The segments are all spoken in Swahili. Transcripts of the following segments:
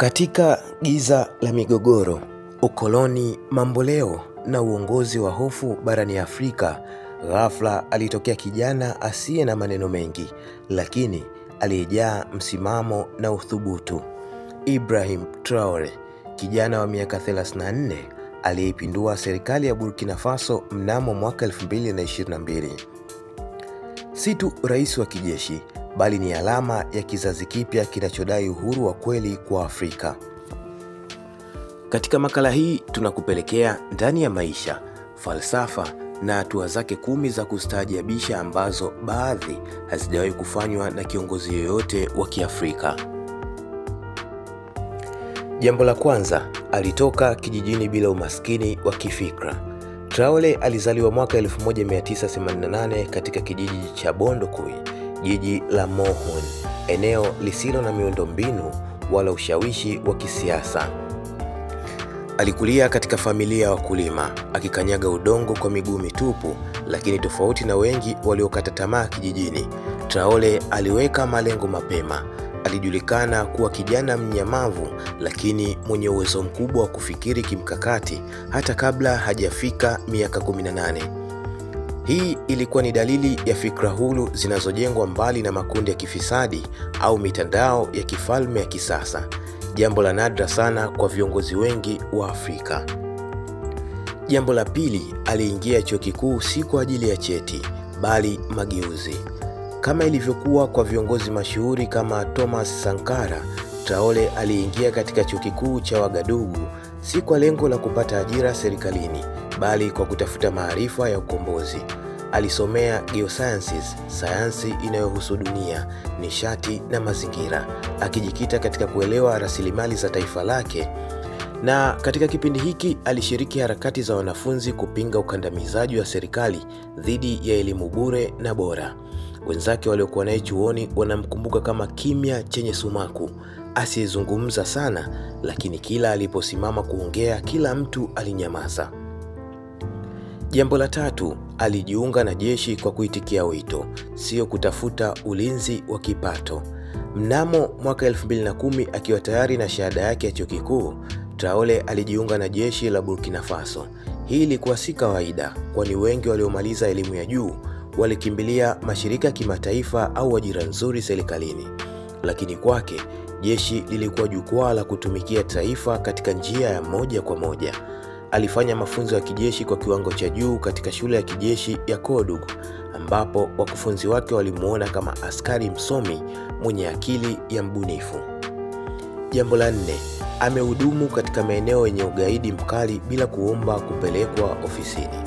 Katika giza la migogoro, ukoloni mamboleo na uongozi wa hofu barani Afrika, ghafla alitokea kijana asiye na maneno mengi, lakini aliyejaa msimamo na uthubutu. Ibrahim Traore, kijana wa miaka 34 aliyeipindua serikali ya Burkina Faso mnamo mwaka 2022. Si tu rais wa kijeshi bali ni alama ya kizazi kipya kinachodai uhuru wa kweli kwa Afrika. Katika makala hii tunakupelekea ndani ya maisha, falsafa na hatua zake kumi za kustaajabisha ambazo baadhi hazijawahi kufanywa na kiongozi yoyote wa Kiafrika. Jambo la kwanza, alitoka kijijini bila umaskini wa kifikra. Traore alizaliwa mwaka 1988 katika kijiji cha Bondokui Jiji la Mohon, eneo lisilo na miundombinu wala ushawishi wa kisiasa. Alikulia katika familia ya wakulima, akikanyaga udongo kwa miguu mitupu, lakini tofauti na wengi waliokata tamaa kijijini, Traore aliweka malengo mapema. Alijulikana kuwa kijana mnyamavu lakini mwenye uwezo mkubwa wa kufikiri kimkakati hata kabla hajafika miaka 18. Hii ilikuwa ni dalili ya fikra huru zinazojengwa mbali na makundi ya kifisadi au mitandao ya kifalme ya kisasa, jambo la nadra sana kwa viongozi wengi wa Afrika. Jambo la pili, aliingia chuo kikuu si kwa ajili ya cheti, bali mageuzi. Kama ilivyokuwa kwa viongozi mashuhuri kama Thomas Sankara, Traore aliingia katika chuo kikuu cha Wagadugu si kwa lengo la kupata ajira serikalini, bali kwa kutafuta maarifa ya ukombozi. Alisomea geosciences, sayansi inayohusu dunia, nishati na mazingira, akijikita katika kuelewa rasilimali za taifa lake. Na katika kipindi hiki alishiriki harakati za wanafunzi kupinga ukandamizaji wa serikali dhidi ya elimu bure na bora. Wenzake waliokuwa naye chuoni wanamkumbuka kama kimya chenye sumaku, asiyezungumza sana, lakini kila aliposimama kuongea, kila mtu alinyamaza. Jambo la tatu, alijiunga na jeshi kwa kuitikia wito, sio kutafuta ulinzi wa kipato. Mnamo mwaka 2010 akiwa tayari na shahada yake ya chuo kikuu, Traore alijiunga na jeshi la Burkina Faso. Hii ilikuwa si kawaida, kwani wengi waliomaliza elimu ya juu walikimbilia mashirika ya kimataifa au ajira nzuri serikalini, lakini kwake jeshi lilikuwa jukwaa la kutumikia taifa katika njia ya moja kwa moja. Alifanya mafunzo ya kijeshi kwa kiwango cha juu katika shule ya kijeshi ya Kodogu ambapo wakufunzi wake walimuona kama askari msomi mwenye akili ya mbunifu. Jambo la nne, amehudumu katika maeneo yenye ugaidi mkali bila kuomba kupelekwa ofisini.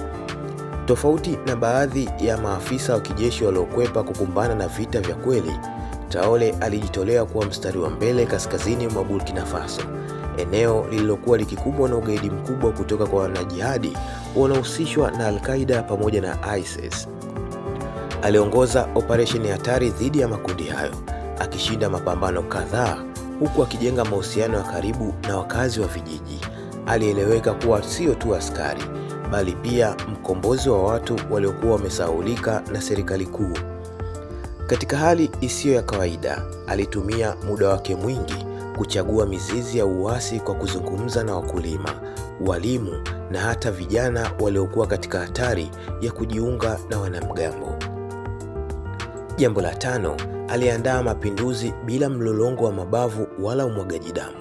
Tofauti na baadhi ya maafisa wa kijeshi waliokwepa kukumbana na vita vya kweli, Traore alijitolea kuwa mstari wa mbele kaskazini mwa Burkina Faso eneo lililokuwa likikumbwa na ugaidi mkubwa kutoka kwa wanajihadi wanaohusishwa na Al-Qaeda pamoja na ISIS. Aliongoza operesheni hatari dhidi ya makundi hayo, akishinda mapambano kadhaa huku akijenga mahusiano ya karibu na wakazi wa vijiji. Alieleweka kuwa sio tu askari bali pia mkombozi wa watu waliokuwa wamesahulika na serikali kuu. Katika hali isiyo ya kawaida, alitumia muda wake mwingi kuchagua mizizi ya uasi kwa kuzungumza na wakulima, walimu na hata vijana waliokuwa katika hatari ya kujiunga na wanamgambo. Jambo la tano, aliandaa mapinduzi bila mlolongo wa mabavu wala umwagaji damu.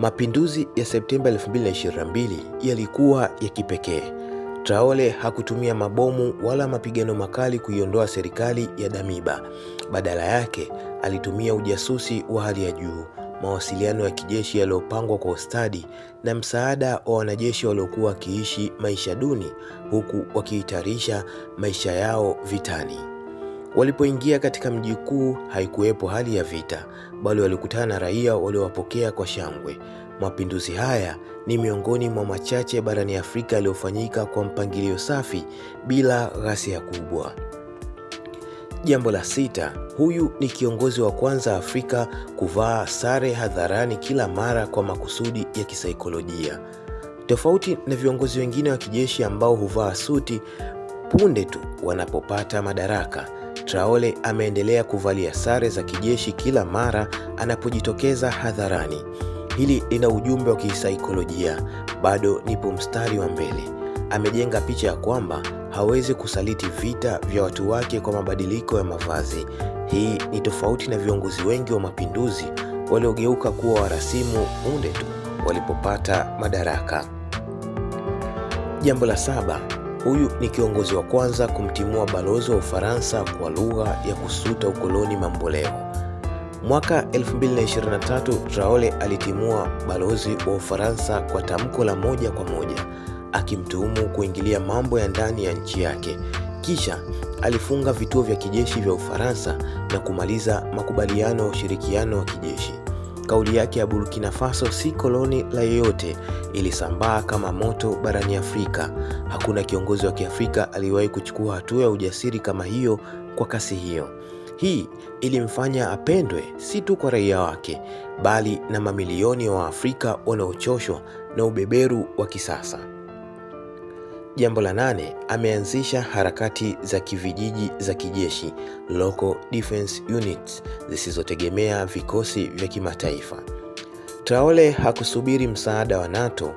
Mapinduzi ya Septemba 2022 yalikuwa ya kipekee Traore hakutumia mabomu wala mapigano makali kuiondoa serikali ya Damiba. Badala yake, alitumia ujasusi wa hali ya juu, mawasiliano ya kijeshi yaliyopangwa kwa ustadi na msaada wa wanajeshi waliokuwa wakiishi maisha duni huku wakihitarisha maisha yao vitani. Walipoingia katika mji kuu haikuwepo hali ya vita, bali walikutana na raia waliowapokea kwa shangwe. Mapinduzi haya ni miongoni mwa machache barani Afrika yaliyofanyika kwa mpangilio safi bila ghasia kubwa. Jambo la sita, huyu ni kiongozi wa kwanza Afrika kuvaa sare hadharani kila mara kwa makusudi ya kisaikolojia. Tofauti na viongozi wengine wa kijeshi ambao huvaa suti punde tu wanapopata madaraka, Traore ameendelea kuvalia sare za kijeshi kila mara anapojitokeza hadharani. Hili lina ujumbe wa kisaikolojia, bado nipo mstari wa mbele. Amejenga picha ya kwamba hawezi kusaliti vita vya watu wake kwa mabadiliko ya mavazi. Hii ni tofauti na viongozi wengi wa mapinduzi waliogeuka kuwa warasimu punde tu walipopata madaraka. Jambo la saba, huyu ni kiongozi wa kwanza kumtimua balozi wa Ufaransa kwa lugha ya kusuta ukoloni mamboleo. Mwaka 2023 Traore alitimua balozi wa Ufaransa kwa tamko la moja kwa moja akimtuhumu kuingilia mambo ya ndani ya nchi yake. Kisha alifunga vituo vya kijeshi vya Ufaransa na kumaliza makubaliano ya ushirikiano wa kijeshi. Kauli yake ya Burkina Faso si koloni la yeyote ilisambaa kama moto barani Afrika. Hakuna kiongozi wa Kiafrika aliyewahi kuchukua hatua ya ujasiri kama hiyo kwa kasi hiyo. Hii ilimfanya apendwe si tu kwa raia wake, bali na mamilioni ya wa Waafrika wanaochoshwa na ubeberu wa kisasa. Jambo la nane, ameanzisha harakati za kivijiji za kijeshi local defense units zisizotegemea vikosi vya kimataifa. Traore hakusubiri msaada wa NATO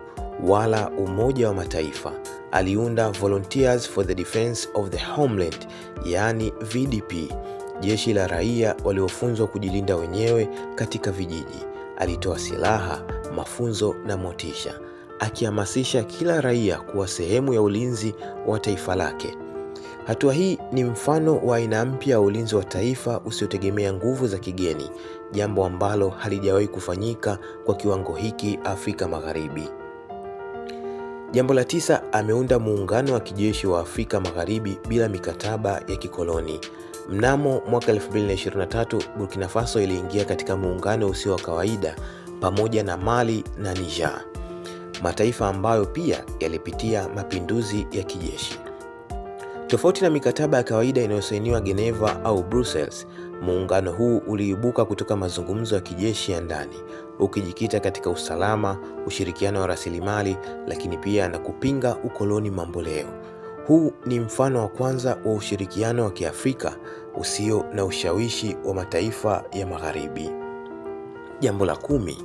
wala Umoja wa Mataifa. Aliunda Volunteers for the Defense of the Homeland, yaani VDP jeshi la raia waliofunzwa kujilinda wenyewe katika vijiji. Alitoa silaha, mafunzo na motisha, akihamasisha kila raia kuwa sehemu ya ulinzi wa taifa lake. Hatua hii ni mfano wa aina mpya ya ulinzi wa taifa usiotegemea nguvu za kigeni, jambo ambalo halijawahi kufanyika kwa kiwango hiki Afrika Magharibi. Jambo la tisa, ameunda muungano wa kijeshi wa Afrika Magharibi bila mikataba ya kikoloni. Mnamo mwaka 2023 Burkina Faso iliingia katika muungano usio wa kawaida pamoja na Mali na Niger, mataifa ambayo pia yalipitia mapinduzi ya kijeshi. Tofauti na mikataba ya kawaida inayosainiwa Geneva au Brussels, muungano huu uliibuka kutoka mazungumzo ya kijeshi ya ndani, ukijikita katika usalama, ushirikiano wa rasilimali, lakini pia na kupinga ukoloni mamboleo. Huu ni mfano wa kwanza wa ushirikiano wa Kiafrika usio na ushawishi wa mataifa ya Magharibi. Jambo la kumi,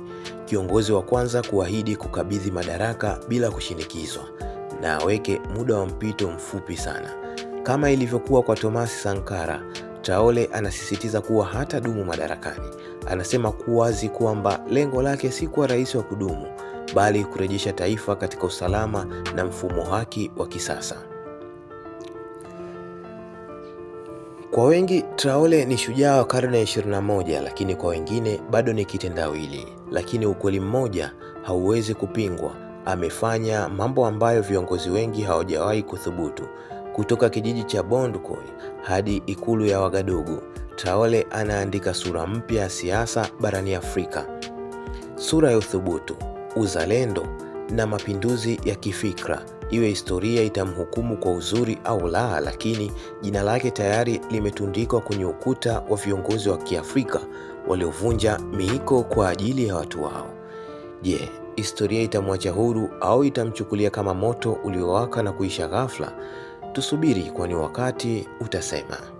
kiongozi wa kwanza kuahidi kukabidhi madaraka bila kushinikizwa na aweke muda wa mpito mfupi sana. Kama ilivyokuwa kwa Thomas Sankara, Traore anasisitiza kuwa hata dumu madarakani. Anasema kuwazi kwamba lengo lake si kuwa rais wa kudumu, bali kurejesha taifa katika usalama na mfumo haki wa kisasa. Kwa wengi Traore ni shujaa wa karne ya 21, lakini kwa wengine bado ni kitendawili. Lakini ukweli mmoja hauwezi kupingwa, amefanya mambo ambayo viongozi wengi hawajawahi kuthubutu. Kutoka kijiji cha Bondoukou hadi ikulu ya Wagadugu, Traore anaandika sura mpya ya siasa barani Afrika, sura ya uthubutu, uzalendo na mapinduzi ya kifikra. Iwe historia itamhukumu kwa uzuri au la, lakini jina lake tayari limetundikwa kwenye ukuta wa viongozi wa Kiafrika waliovunja miiko kwa ajili ya watu wao. Je, historia itamwacha huru au itamchukulia kama moto uliowaka na kuisha ghafla? Tusubiri, kwani wakati utasema.